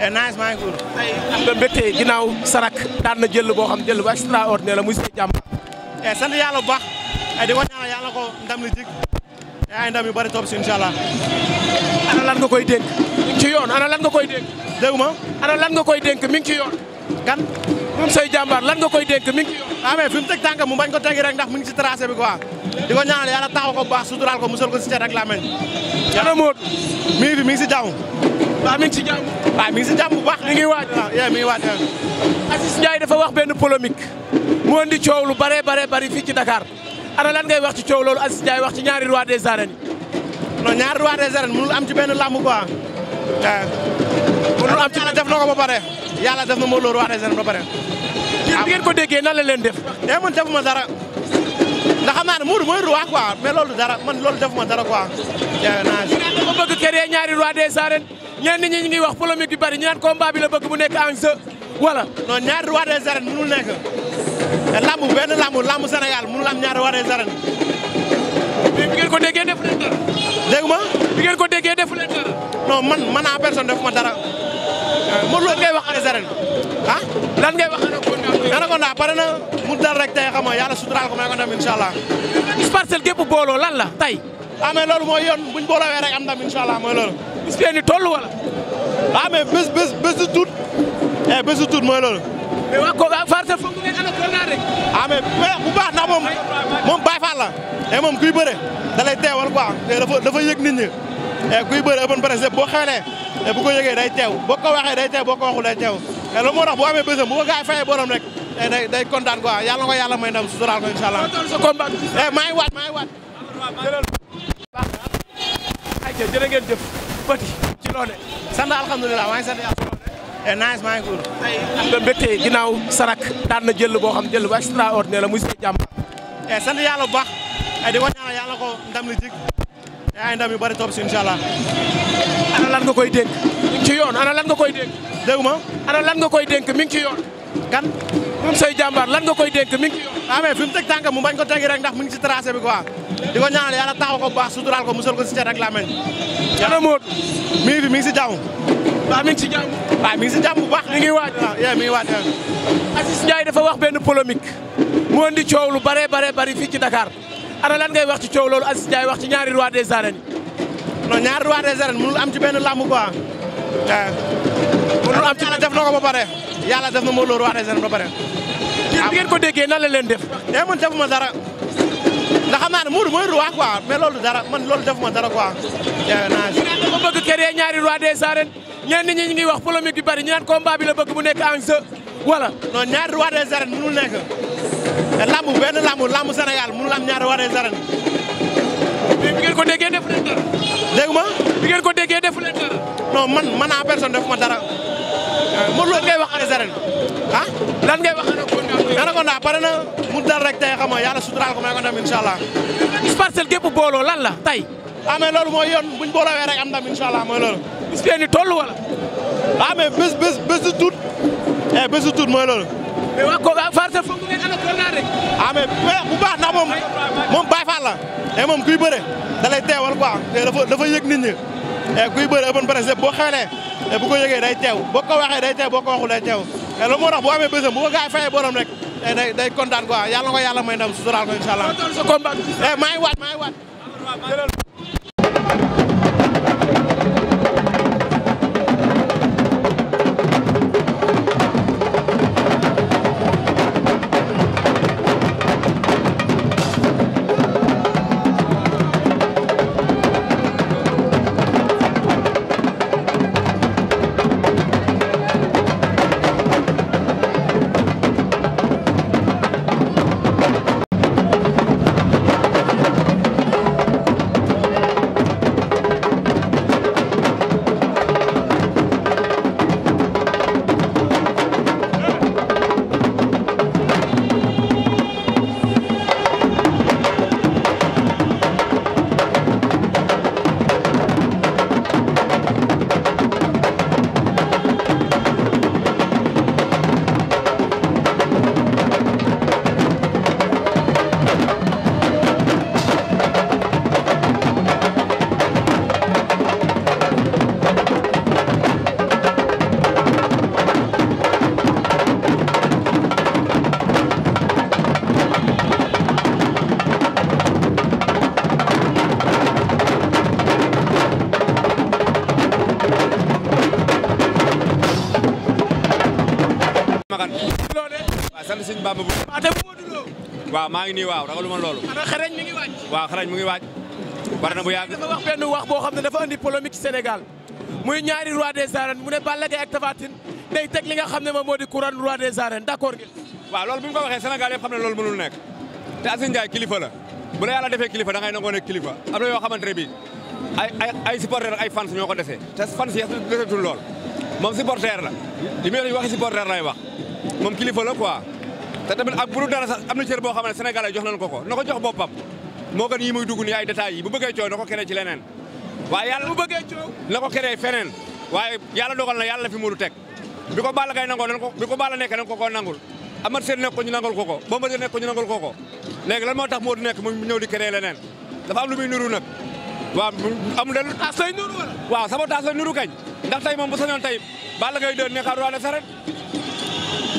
naaj maa ngi góor. tey am nga mbégte ginnaaw sarak daan na jël boo xam jël bu extraordinaire la muy say jàmm. Eh, sant yàlla bu baax eh, di ko ñaanal yàlla ko ndam li jig eh, ay ndam yu bari topp si ana lan nga koy dénk mi ci yoon ana lan nga koy dénk. dégg ma ana lan nga koy dénk mi ngi ci yoon. kan moom say jàmbaar lan nga koy dénk mi ngi ci yoon. ah mais fi mu teg tànk mu bañ ko tegi rek ndax mu ngi ci tracé bi quoi. di ko ñaanal yàlla taxaw ko bu baax suturaal ko musal ko si ca laa mel. yàlla mi ngi si jàmm. waaw mi ngi si jàmm. waaw mi ngi si waaj. waaw mi ngi waaj Aziz dafa wax benn polémique mu andi coow lu bare bare bari fii ci Dakar ana lan ngay wax ci coow loolu Aziz Ndiaye wax ci ñaari roi des arènes yi. ñaari roi des arènes mënul am ci benn làmb quoi. waaw mënul am def na ko ba pare. yàlla def na Modou Lo roi des arènes ba pare. waaw ngeen ko déggee nan la leen def. eh man defuma dara. ndax xam naa ne Modou mooy roi quoi mais loolu dara man loolu defuma dara quoi. jaay bëgg kër ñaari roi des ñenn ñi ñu ngi wax polémique yu bari ñu naan combat bi la bëgg mu nekk en jeu wala. non ñaari roi des arènes mënul nekk lamb benn lamb lamb Sénégal mënul am ñaari roi des arènes. mais bi ngeen ko déggee def leen dara. dégg ma. bi ko déggee def leen dara. non man man en personne def ma dara. Euh, Modou Lo ngay wax des arènes ah lan ngay wax Anaconda. Anaconda pare na mu dal rek tey xam nga yàlla suturaal ko may ko ndam incha allah. parcelle gépp booloo lan la tey. ah mais loolu mooy yoon buñ booloo wee rek am ndam bis ngeen di toll wala. ah mais bés bés bésu tuut eh bésu tuut mooy loolu. mais waa Koga farata foog ngeen ànd ak Koga rek. ah mais bu baax ndax moom moom Baye Fall la et eh, moom kuy bëre da lay teewal quoi te eh, dafa dafa yëg nit ñi et eh, kuy bëre open presse boo xewlee et bu ko yëgee day teew boo ko waxee day teew boo ko waxul day teew et loolu moo tax bu amee bésam bu ko gars yi fayee borom rek day day kontaan quoi yàlla ko yàlla may ndam suturaal ko incha allah. maa ngi waat maa ngi waat. jërëjëf. jërë ngeen jëf. petit ci loone sant alhamdulilah maa ngi sant yàlla et eh, nice maa ngi góor tey am nga ginnaaw sarak daan na jël boo xam jël bu extraordinaire la muy seen jàmm et eh, sant yàlla bu baax eh, di ko ñaanal ko ndam li jig te ay ndam yu bari topp si incha allah ana lan nga koy dénk mi ngi ci lan nga koy dénk dégg ma ana lan nga koy dénk mi ngi ci yoon kan moom say jàmbaar lan nga koy dénk mi ngi ci yoon ah mais fi mu teg tànk mu bañ ko tegi rek ndax mi ngi ci tracé bi quoi di ko ñaanal yàlla taxaw ko bu baax suturaal ko musal ko si cat ak làmmiñ. yàlla moo mi ngi fi mi ngi si jàmm. waaw mi ngi si jàmm. waaw mi ngi si jàmm bu baax. mi ngi waaj waaw mi dafa wax benn polémique mu indi coow lu bare bare bari fii ci Dakar ana lan ngay wax ci coow loolu Aziz Ndiaye wax ci ñaari roi des arènes yi. non ñaari roi des arènes mënul am ci benn làmb quoi. mënul am ci def na ko ba pare. yàlla def na Modou Lo roi des arènes ba pare. waaw ngeen ko déggee nan la leen def. eh man defuma dara. ndax xam naa ne Modou mooy roi quoi mais loolu dara man loolu de ma dara quoi. jaay naa si. ñu naan bëgg créer ñaari roi des arènes ñenn ñi ñu ngi wax polémique yu bari ñu naan combat bi la bëgg mu ne en jeu wala. non ñaari roi des arènes mënul nekk te lamb benn lamb lamb Sénégal mënul am ñaari roi des arènes. mais non man man à personne def ma dara. waaw euh, lan ngay wax Ada Seren ah lan ngay wax Anaconda na mu dal rek tey xam nga yàlla suturaal ko may ko ndam incha allah. parcelle gépp booloo lan la tey. ah mais loolu mooy yoon buñ boolowee rek am ndam incha allah mooy loolu. wala. ah mais bés bés bésu eh, mooy loolu. mais waa kooku ah, moom moom Baye Fall la. Eh, moom kuy bëre da lay teewal quoi te eh, dafa dafa yëg nit Eh, kuy bëri open press eh, boo xewlee eh, bu ko yëgee day teew boo ko waxee day teew boo ko waxul day teew loolu moo amee bésam bu ko gars yi fayee borom day kontaan quoi yàlla na ko yàlla may ndam suturaal ko incha allah maa ngi waat waa waaw sant sëñ Bamba bu waaw maa ngi nii waaw ragaluma loolu xarañ mi ngi waaj waaw mu ngi waaj war na bu yàgg dafa wax benn wax boo xam ne dafa andi polémique Sénégal muy ñaari roi des arènes mu ne Balla Gaye ak Tapha Tine day teg li nga xam ne moom moo di couronne roi des arènes d'accord ngeen waaw loolu bu ñu ko waxee Sénégal yëpp xam ne loolu mënul nekk te Assane Ndiaye kilifa la bu la yàlla defee kilifa da ngay nangoo nekk kilifa am na yoo xamante ne bii ay ay ay supporter ay fans ñoo ko defee te fans yi desetul lool moom supporter la li muy wax wax moom kilifa la quoi te tamit ak dara sax am na cër boo xam ne sénégalais jox nañ ko ko ko jox boppam moo gën yi muy dugg nii ay détails yi bu bëggee coow na ci leneen waaye yàlla bu bëggee coow na ko keneen feneen waaye yàlla dogal na yàlla fi mu du teg bi ko Balla Gaye nangoo nan ko bi ko Balla ko nangul Amat Seen nekk ko nangul ko ko Bombardier nekk ko ñu nangul ko ko léegi lan moo tax moo du nekk mu ñëw di créer leneen dafa am lu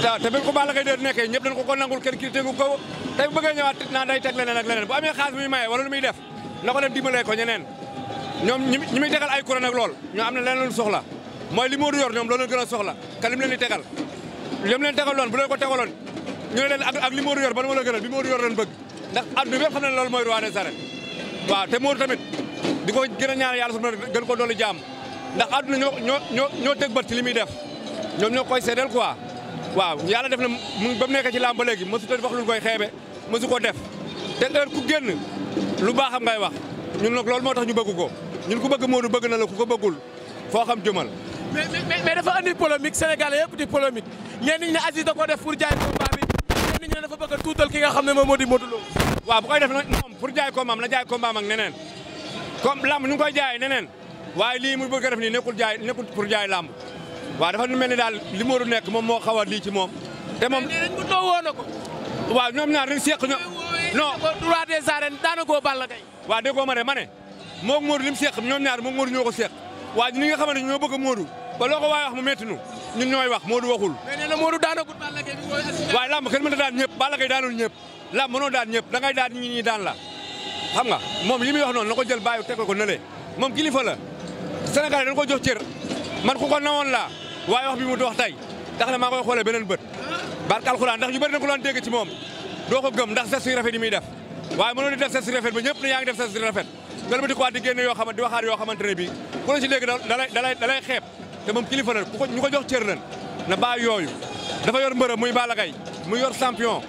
te bi ko Balla Gaye dee nekkee ñëpp ko ko nangul kenn critiqué ko te bu bëggee ñëwaat naa day teg leneen ak leneen bu amee xaalis muy maye wala lu def na ko def dimbalee ko ñeneen ñoom ñi muy tegal ay kuréel ak lool ñoo am na leneen lu soxla mooy li Modou yor ñoom loolu gën a soxla ka lim tegal lim leen tegal loon bu leen ko tegaloon ñu ne leen ak li Modou yor ban moo la gënal bi Modou yor leen bëgg ndax àdduna bépp xam ne loolu mooy roi des arènes waaw te tamit di ko gën a ñaan yàlla su gën ko dolli jàmm ndax àdduna ñoo ñoo ñoo teg bët li muy def ñoom ñoo koy seedeel quoi waaw yàlla def na mu ba mu nekk ci làmb léegi mosu doon a lu koy xeebe mosu ko def te heure ku génn lu baaxam ngay wax ñun nag loolu moo tax ñu bëgg ko ñun ku bëgg Modou bëgg na la ku ko bëggul foo xam jëmal. mais mais mais dafa andi polémique sénégalais di polémique ñenn ñi ne Aziz da ko def pour jaay combat bi ñenn ñi ne dafa bëgg tuutal ki nga xam ne moom moo di Modou Lo. waaw bu koy def nag moom pour jaay combat am na jaay combat am ak neneen comme làmb ñu koy jaay neneen waaye lii mu bëgg a nekkul jaay nekkul pour jaay làmb waaw dafa mel ni daal li Modou nekk moom moo xaw a lii ci moom. te moom mais mu too ko. waaw ñoom ñaar dañu seq ñoom. non roi des arènes daana koo Balla Gaye. waaw déggoo ma de ma ne moog Modou li mu seq ñoom ñaar moog Modou ñoo ko seq waa ñi nga xamante ne ñoo bëgg Modou ba loo ko waay wax mu métti nu ñun ñooy wax Modou waxul. mais nee na Modou daanakul Balla Gaye bi mooy assurance. waaye ñëpp Balla Gaye daanul ñëpp làmb mënoo daan ñëpp dangay ngay daan ñi daan la xam nga moom li muy wax noonu na ko jël bàyyi teg ko nële moom kilifa la Sénégal dañ ko jox cër man ku ko nawoon laa waaye wax bi mu dox tey tax na maa koy xoolee beneen bët barke alxuraan ndax ñu bëri na ko doon dégg moom doo ko gëm ndax geste yu rafet yi muy def waaye mënoon di def geste yu rafet ba ñëpp ne yaa ngi def geste di génne yoo xamante di waxaat yoo xamante ne bii ku la ci dégg dalay dalay dalay te moom kilifa ku ko ñu ko jox na baa yooyu dafa yor mbërëm muy Balla Gaye muy yor champion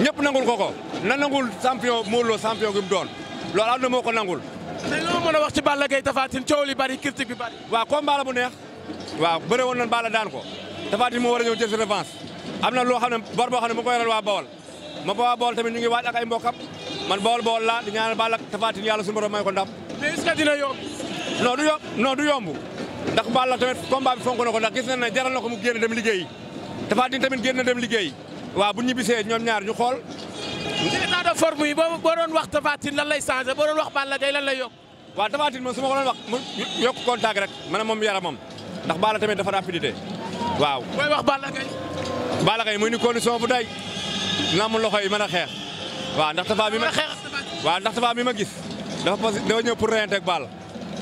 ñëpp nangul ko ko na nangul champion Modou Lo champion gi mu doon loolu am na moo ko nangul a wax ci Balla Gaye Tapha Tine coow li bari bi bari waaw combat la bu waa bëre woon nañ Balla daan ko Tapha Tine moo war a ñëw jël sa am na loo xam ne bor boo xam ne mu koy waa Bawol ma ba waa Bawol tamit ñu ngi waaj ak ay mbokkam man Bawol Bawol laa di ñaanal Balla ak Tapha Tine yàlla suñu borom may ko ndam. mais est dina yomb. non du ndax Balla tamit combat bi fonk na ko ndax gis nañ ne jaral na ko mu génn dem liggéeyi Tapha Tine tamit génn dem liggéeyi waaw bu ñu bisee ñoom ñaar ñu xool. état de forme yi boo boo doon wax Tapha Tine lan lay changé boo doon wax Balla Gaye lan lay yokk. waaw Tapha Tine ma ko doon wax mu ndax Balla tamit dafa rapidité waaw. mooy wax Balla Gaye. Balla Gaye muy ni condition bu day na am loxo yi mën a xeex. waaw ndax Tapha bi ma waaw ndax Tapha bi ma gis dafa parce que dafa ñëw pour reyante ak Balla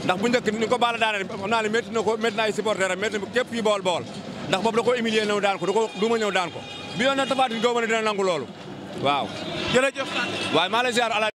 ndax bu njëkk ni ko Balla daanee xam naa ne métti na ko métti na ay supporters am métti na képp yi bool bool ndax boobu da ko humilier ñëw ko da ko duuma ñëw daan ko bi yoon na Tapha Tine gaaw ma ne nangu loolu waaw. jërëjëf waaye maa